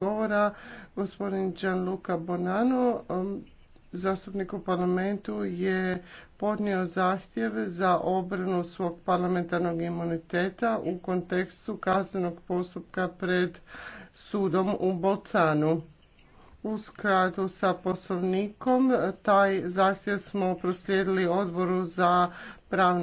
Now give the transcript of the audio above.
govora gospodin Gianluca Bonano, um, zastupnik u parlamentu, je podnio zahtjev za obranu svog parlamentarnog imuniteta u kontekstu kaznenog postupka pred sudom u Bolcanu. U skratu sa poslovnikom taj zahtjev smo proslijedili odboru za pravno.